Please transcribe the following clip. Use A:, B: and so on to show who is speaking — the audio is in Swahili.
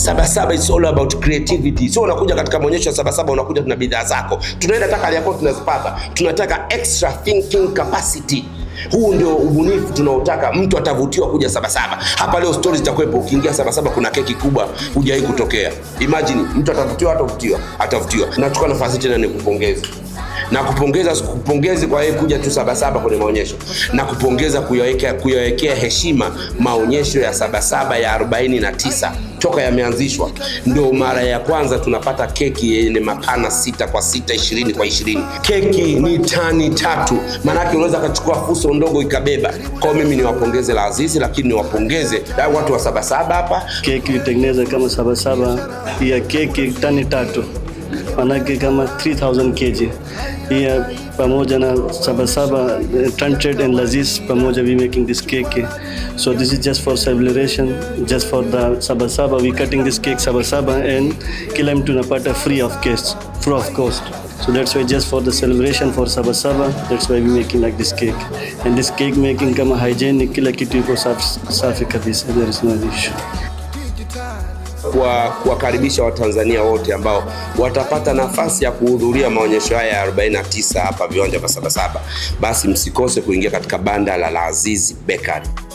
A: Sabasaba is all about creativity. Sio unakuja katika maonyesho ya Sabasaba unakuja tuna bidhaa zako, tunaenda taka hali yako tunazipata, tunataka extra thinking capacity. Huu ndio ubunifu tunaotaka, mtu atavutiwa kuja Sabasaba. Hapa leo stori zitakuwepo, ukiingia Sabasaba kuna keki kubwa hujawahi kutokea. Imagine mtu atavutiwa, atavutiwa, atavutiwa. Nachukua nafasi tena nikupongeze na kupongeza kupongeze kwa yeye kuja tu Sabasaba kwenye maonyesho na kupongeza kuyawekea kuyawekea heshima maonyesho ya Sabasaba ya 49 toka yameanzishwa ndio mara ya kwanza tunapata keki yenye mapana sita kwa sita ishirini kwa ishirini keki ni tani tatu, maanake unaweza akachukua fuso ndogo ikabeba. Kwa mimi niwapongeze la Azizi, lakini niwapongeze watu wa Sabasaba hapa.
B: Keki tengeneza kama Sabasaba, pia keki tani tatu. पनाके का मैं three thousand के जी ये पमोजना सबा सबा ट्रंटेड and लजीज पमोज we making this cake के so this is just for celebration just for the Saba Saba we cutting this cake Saba Saba and किलम टू न नपाटा free of cost free of cost so that's why just for the celebration for Saba Saba that's why we making like this cake and this cake making का hygienic किला की को साफ साफ कर दी सर is no issue
A: kuwakaribisha Watanzania wote ambao watapata nafasi ya kuhudhuria maonyesho haya ya 49 hapa viwanja vya Sabasaba, basi msikose kuingia katika banda la Lazizi Bakery.